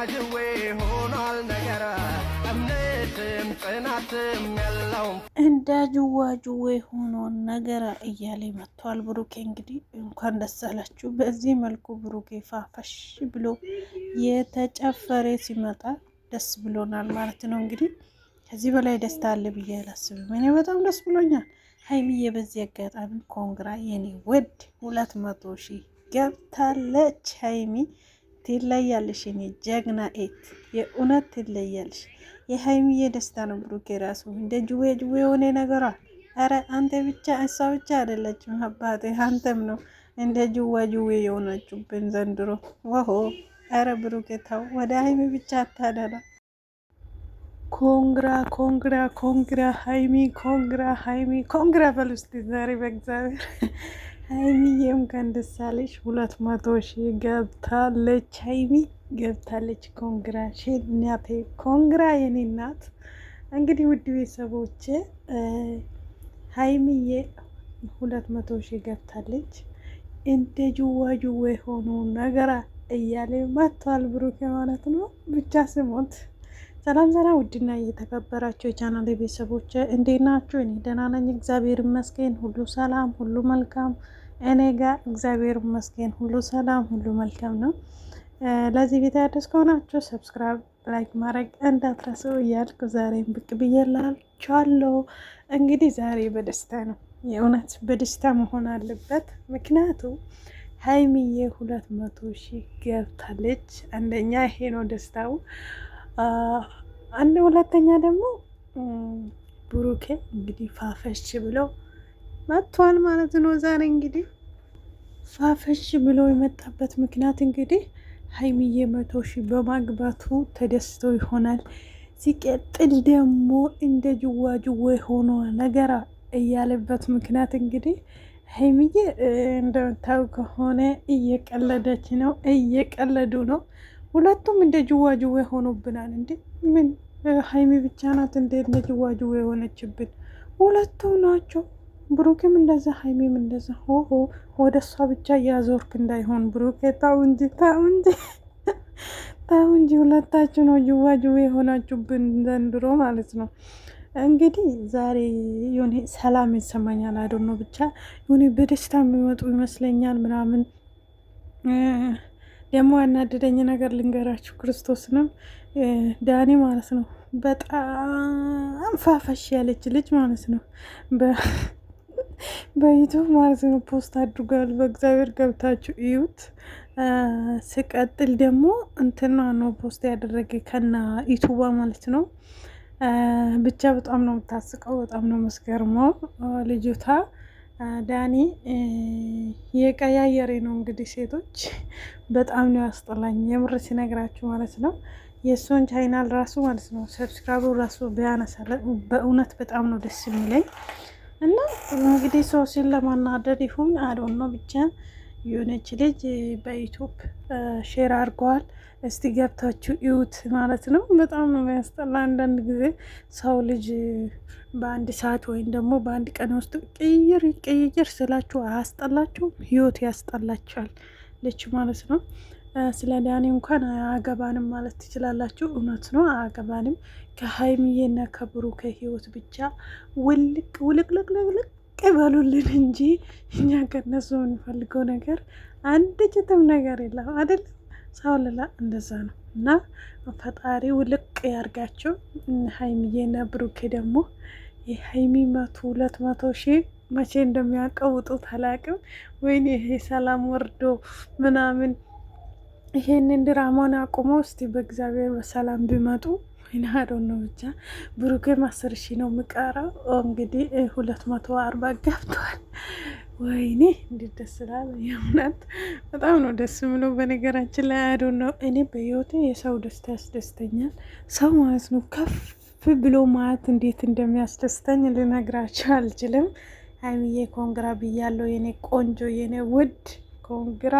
አጅዌ ሆኗል ነገር እምነትም ጽናትም እንደ አጅዋ ጅዌ ሆኖ ነገር እያለ መጥቷል። ብሩኬ እንግዲህ እንኳን ደስ አላችሁ። በዚህ መልኩ ብሩኬ ፋፈሽ ብሎ የተጨፈረ ሲመጣ ደስ ብሎናል ማለት ነው። እንግዲህ ከዚህ በላይ ደስታ አለ ብዬ አላስብም። እኔ በጣም ደስ ብሎኛል። ሀይሚዬ በዚህ አጋጣሚ ኮንግራ የኔ ወድ ሁለት መቶ ሺህ ገብታለች ሀይሚ ትለያለሽ፣ የኔ ጀግና ኤት የእውነት ትለያለሽ። የሀይሚዬ ደስታ ነው ብሩኬ ራሱ እንደ ጅዌ ጅዌ የሆነ ነገሯ። አረ አንተ ብቻ እሷ ብቻ አይደለችም አባቴ፣ አንተም ነው እንደ ጅዋ ጅዌ የሆናችሁብን ዘንድሮ። ወሆ አረ ብሩኬ ተው፣ ወደ ሀይሚ ብቻ አታደላ። ኮንግራ ኮንግራ ኮንግራ ሀይሚ ኮንግራ ሀይሚ ኮንግራ በል ዛሬ በእግዚአብሔር ሀይሚዬ እንኳን ደስ አለሽ፣ ሁለት መቶ ሺህ ገብታለች። ሀይሚ ገብታለች። ኮንግራ ሼል ኮንግራ የኔ እናት። እንግዲህ ውድ ቤተሰቦቼ ሀይሚዬ ሁለት መቶ ሺ ገብታለች። እንደ ጅዋ ጅዌ ሆኖ ነገራ እያለ መጥቷል ብሩኬ ማለት ነው ብቻ ስሞት ሰላም ሰላም፣ ውድና እየተከበራችሁ የቻናል ቤተሰቦች እንዴት ናችሁ? እኔ ደህና ነኝ፣ እግዚአብሔር ይመስገን። ሁሉ ሰላም፣ ሁሉ መልካም። እኔ ጋ እግዚአብሔር ይመስገን ሁሉ ሰላም፣ ሁሉ መልካም ነው። ለዚህ ቤት አዲስ ከሆናችሁ ሰብስክራይብ፣ ላይክ ማድረግ እንዳትረሰው እያልኩ ዛሬም ብቅ ብዬላችኋለሁ። እንግዲህ ዛሬ በደስታ ነው፣ የእውነት በደስታ መሆን አለበት። ምክንያቱ ሀይሚዬ ሁለት መቶ ሺህ ገብታለች። አንደኛ ይሄ ነው ደስታው አንድ ሁለተኛ ደግሞ ብሩኬ እንግዲህ ፋፈሽ ብለው መጥቷል ማለት ነው። ዛሬ እንግዲህ ፋፈሽ ብሎ የመጣበት ምክንያት እንግዲህ ሀይሚዬ መቶ ሺ በማግባቱ ተደስቶ ይሆናል። ሲቀጥል ደግሞ እንደ ጅዋ ጅዋ ሆኖ ነገር እያለበት ምክንያት እንግዲህ ሀይሚዬ እንደምታው ከሆነ እየቀለደች ነው፣ እየቀለዱ ነው ሁለቱም እንደ ጅዋጅዌ ሆኖብናል። እንዴ ምን ሀይሚ ብቻ ናት እንደ እንደ ጅዋጅዌ የሆነችብን? ሁለቱም ናቸው። ብሩክም እንደዛ ሀይሚም እንደዛ። ሆሆ ወደ እሷ ብቻ እያዞርክ እንዳይሆን ብሩኬ፣ ታው እንጂ ታው እንጂ ታው እንጂ ሁለታችሁ ነው ጅዋጅዌ የሆናችሁብን ዘንድሮ ማለት ነው። እንግዲህ ዛሬ የሆነ ሰላም ይሰማኛል። አይደል ብቻ የሆነ በደስታ የሚመጡ ይመስለኛል ምናምን ደግሞ ያናደደኝ ነገር ልንገራችሁ፣ ክርስቶስንም ዳኒ ማለት ነው። በጣም ፋፈሽ ያለች ልጅ ማለት ነው በዩቱብ ማለት ነው ፖስት አድርጓል። በእግዚአብሔር ገብታችሁ እዩት። ስቀጥል ደግሞ እንትና ነው ፖስት ያደረገ ከና ዩቱባ ማለት ነው። ብቻ በጣም ነው የምታስቀው፣ በጣም ነው መስገርመው ልጅታ። ዳኒ የቀያየሬ ነው እንግዲህ። ሴቶች በጣም ነው ያስጠላኝ፣ የምር ሲነግራችሁ ማለት ነው። የእሱን ቻይናል ራሱ ማለት ነው ሰብስክራይቡ ራሱ ቢያነሳለ በእውነት በጣም ነው ደስ የሚለኝ እና እንግዲህ ሰው ሲል ለማናደድ ይሁን አዶን ነው ብቻ የሆነች ልጅ በዩቱብ ሼር አድርገዋል። እስቲ ገብታችሁ እዩት ማለት ነው። በጣም ነው የሚያስጠላ። አንዳንድ ጊዜ ሰው ልጅ በአንድ ሰዓት ወይም ደግሞ በአንድ ቀን ውስጥ ቅይር ቅይር ስላችሁ አያስጠላችሁም? ህይወት ያስጠላችኋል ልጅ ማለት ነው። ስለ ዳኒ እንኳን አያገባንም ማለት ትችላላችሁ። እውነት ነው፣ አያገባንም። ከሀይሚዬና ከብሩ ከህይወት ብቻ ውልቅ ውልቅልቅልቅ ቅበሉልን እንጂ እኛ ከነሱ የምንፈልገው ነገር አንድ ጭትም ነገር የለም አይደል? ሰው ልላ እንደዛ ነው። እና ፈጣሪ ውልቅ ያርጋቸው። ሀይሚዬና ብሩኬ ደግሞ የሀይሚ መቶ ሁለት መቶ ሺህ መቼ እንደሚያቀውጡት አላቅም። ወይኔ ይሄ ሰላም ወርዶ ምናምን ይሄንን ድራማን አቁመው እስቲ በእግዚአብሔር በሰላም ቢመጡ ይናዶ ነው ብቻ ብሩኬም አስር ሺ ነው የምቀረው እንግዲህ ሁለት መቶ አርባ ገብቷል። ወይኔ እንዴት ደስ ይላል! የእውነት በጣም ነው ደስ የምለው። በነገራችን ላይ አዶ ነው እኔ በህይወቴ የሰው ደስታ ያስደስተኛል። ሰው ማለት ነው ከፍ ብሎ ማለት እንዴት እንደሚያስደስተኝ ልነግራቸው አልችልም። ሀይሚዬ ኮንግራ ብያለው የኔ ቆንጆ የኔ ውድ ኮንግራ